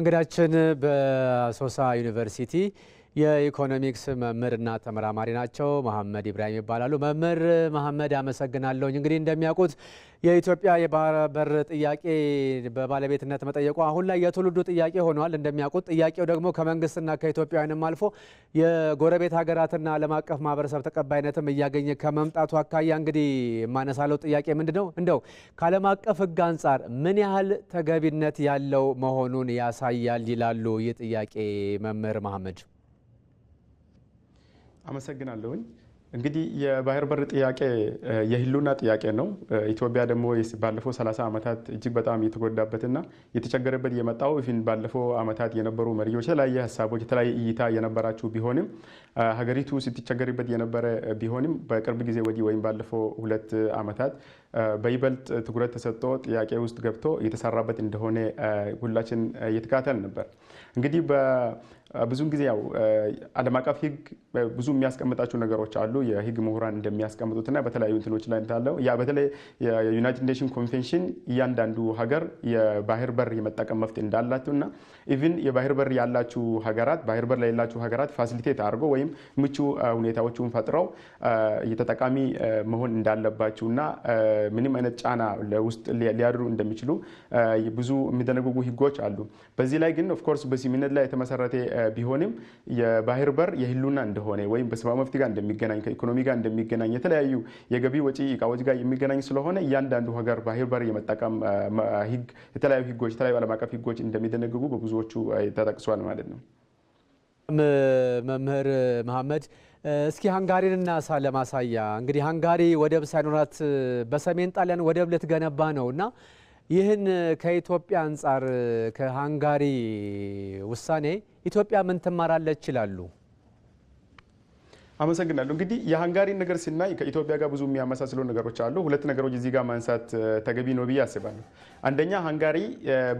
እንግዳችን በሶሳ ዩኒቨርሲቲ የኢኮኖሚክስ መምህርና ተመራማሪ ናቸው። መሐመድ ኢብራሂም ይባላሉ። መምህር መሐመድ አመሰግናለሁኝ። እንግዲህ እንደሚያውቁት የኢትዮጵያ የባህር በር ጥያቄ በባለቤትነት መጠየቁ አሁን ላይ የትውልዱ ጥያቄ ሆኗል። እንደሚያውቁት ጥያቄው ደግሞ ከመንግስትና ከኢትዮጵያውያንም አልፎ የጎረቤት ሀገራትና ዓለም አቀፍ ማህበረሰብ ተቀባይነትም እያገኘ ከመምጣቱ አካያ እንግዲህ የማነሳለው ጥያቄ ምንድን ነው? እንደው ከዓለም አቀፍ ሕግ አንጻር ምን ያህል ተገቢነት ያለው መሆኑን ያሳያል ይላሉ ይህ ጥያቄ መምህር መሐመድ? أمسكنا لوني እንግዲህ የባህር በር ጥያቄ የህልውና ጥያቄ ነው። ኢትዮጵያ ደግሞ ባለፈው 30 ዓመታት እጅግ በጣም የተጎዳበትና የተቸገረበት የመጣው ፊን ባለፈው ዓመታት የነበሩ መሪዎች የተለያየ ሀሳቦች የተለያየ እይታ የነበራችሁ ቢሆንም ሀገሪቱ ስትቸገርበት የነበረ ቢሆንም በቅርብ ጊዜ ወዲህ ወይም ባለፈው ሁለት ዓመታት በይበልጥ ትኩረት ተሰጥቶ ጥያቄ ውስጥ ገብቶ የተሰራበት እንደሆነ ሁላችን እየተካተል ነበር። እንግዲህ ብዙን ጊዜ ያው ዓለም አቀፍ ህግ ብዙ የሚያስቀምጣቸው ነገሮች አሉ። የህግ ምሁራን እንደሚያስቀምጡትና በተለያዩ እንትኖች ላይ ታለው ያ በተለይ የዩናይትድ ኔሽን ኮንቬንሽን እያንዳንዱ ሀገር የባህር በር የመጠቀም መፍት እንዳላቸው እና ኢቭን የባህር በር ያላችሁ ሀገራት ባህር በር ለሌላችሁ ሀገራት ፋሲሊቴት አድርጎ ወይም ምቹ ሁኔታዎቹን ፈጥረው የተጠቃሚ መሆን እንዳለባችሁ እና ምንም አይነት ጫና ለውስጥ ሊያድሩ እንደሚችሉ ብዙ የሚደነግጉ ህጎች አሉ። በዚህ ላይ ግን ኦፍኮርስ በስምምነት ላይ የተመሰረተ ቢሆንም የባህር በር የህሉና እንደሆነ ወይም በሰብአዊ መፍት ጋር እንደሚገናኝ ከኢኮኖሚ ጋር እንደሚገናኝ የተለያዩ የገቢ ወጪ እቃዎች ጋር የሚገናኝ ስለሆነ እያንዳንዱ ሀገር ባህር በር የመጠቀም ህግ የተለያዩ ህጎች የተለያዩ ዓለም አቀፍ ህጎች እንደሚደነግጉ በብዙዎቹ ተጠቅሷል ማለት ነው። መምህር መሐመድ እስኪ ሃንጋሪን እናሳ ለማሳያ እንግዲህ ሃንጋሪ ወደብ ሳይኖራት በሰሜን ጣሊያን ወደብ ልትገነባ ነው እና ይህን ከኢትዮጵያ አንጻር ከሃንጋሪ ውሳኔ ኢትዮጵያ ምን ትማራለች ይላሉ? አመሰግናለሁ። እንግዲህ የሃንጋሪን ነገር ስናይ ከኢትዮጵያ ጋር ብዙ የሚያመሳስሉ ነገሮች አሉ። ሁለት ነገሮች እዚህ ጋር ማንሳት ተገቢ ነው ብዬ አስባለሁ። አንደኛ ሃንጋሪ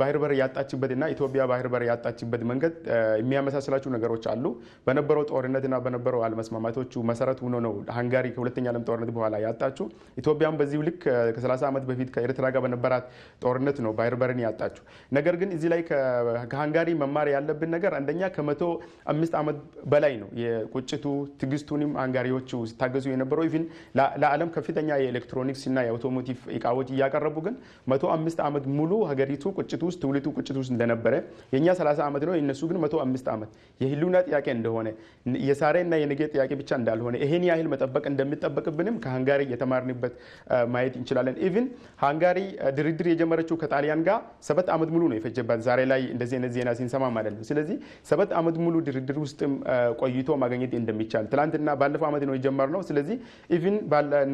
ባህር በር ያጣችበትና ኢትዮጵያ ባህር በር ያጣችበት መንገድ የሚያመሳስላቸው ነገሮች አሉ። በነበረው ጦርነትና በነበረው አለመስማማቶቹ መሰረት ሆኖ ነው ሃንጋሪ ከሁለተኛ ዓለም ጦርነት በኋላ ያጣችው። ኢትዮጵያም በዚሁ ልክ ከ30 ዓመት በፊት ከኤርትራ ጋር በነበራት ጦርነት ነው ባህር በርን ያጣችው። ነገር ግን እዚህ ላይ ከሃንጋሪ መማር ያለብን ነገር አንደኛ ከመቶ አምስት ዓመት በላይ ነው የቁጭቱ ትግስቱ መንግስቱንም አንጋሪዎቹ ሲታገዙ የነበረው ኢቭን ለዓለም ከፍተኛ የኤሌክትሮኒክስ እና የአውቶሞቲቭ እቃዎች እያቀረቡ ግን መቶ አምስት ዓመት ሙሉ ሀገሪቱ ቁጭት ውስጥ ትውልቱ ቁጭት ውስጥ እንደነበረ የእኛ 30 ዓመት ነው የእነሱ ግን መቶ አምስት ዓመት የህልውና ጥያቄ እንደሆነ የሳሬ እና የነገ ጥያቄ ብቻ እንዳልሆነ ይሄን ያህል መጠበቅ እንደሚጠበቅብንም ከሀንጋሪ የተማርንበት ማየት እንችላለን። ኢቭን ሃንጋሪ ድርድር የጀመረችው ከጣሊያን ጋር ሰባት ዓመት ሙሉ ነው የፈጀባት። ዛሬ ላይ እንደዚህ አይነት ዜና ሲንሰማ ማለት ነው። ስለዚህ ሰባት ዓመት ሙሉ ድርድር ውስጥም ቆይቶ ማግኘት እንደሚቻል ትላንት እና ባለፈው ዓመት ነው የጀመርነው። ስለዚህ ኢቭን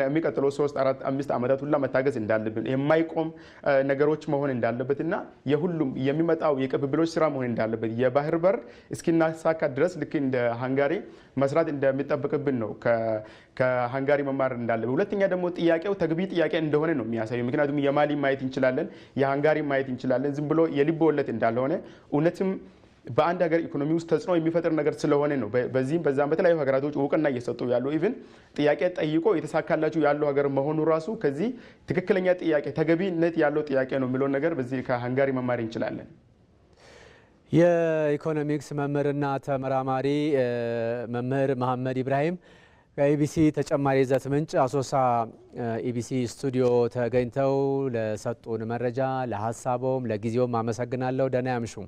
የሚቀጥለው ሶስት አራት አምስት ዓመታት ሁላ መታገዝ እንዳለብን የማይቆም ነገሮች መሆን እንዳለበት እና የሁሉም የሚመጣው የቅብብሎች ስራ መሆን እንዳለበት የባህር በር እስኪናሳካ ድረስ ልክ እንደ ሃንጋሪ መስራት እንደሚጠበቅብን ነው ከሃንጋሪ መማር እንዳለብን። ሁለተኛ ደግሞ ጥያቄው ተግቢ ጥያቄ እንደሆነ ነው የሚያሳዩ። ምክንያቱም የማሊ ማየት እንችላለን፣ የሃንጋሪ ማየት እንችላለን። ዝም ብሎ የልብ ወለት እንዳልሆነ እውነትም በአንድ ሀገር ኢኮኖሚ ውስጥ ተጽዕኖ የሚፈጥር ነገር ስለሆነ ነው። በዚህም በዛም በተለያዩ ሀገራቶች እውቅና እየሰጡ ያሉ ኢቭን ጥያቄ ጠይቆ የተሳካላቸው ያሉ ሀገር መሆኑ ራሱ ከዚህ ትክክለኛ ጥያቄ ተገቢነት ያለው ጥያቄ ነው የሚለውን ነገር በዚህ ከሀንጋሪ መማር እንችላለን። የኢኮኖሚክስ መምህርና ተመራማሪ መምህር መሀመድ ኢብራሂም ከኢቢሲ ተጨማሪ ይዘት ምንጭ አሶሳ ኢቢሲ ስቱዲዮ ተገኝተው ለሰጡን መረጃ ለሀሳቦም ለጊዜውም አመሰግናለሁ። ደህና ያምሹ።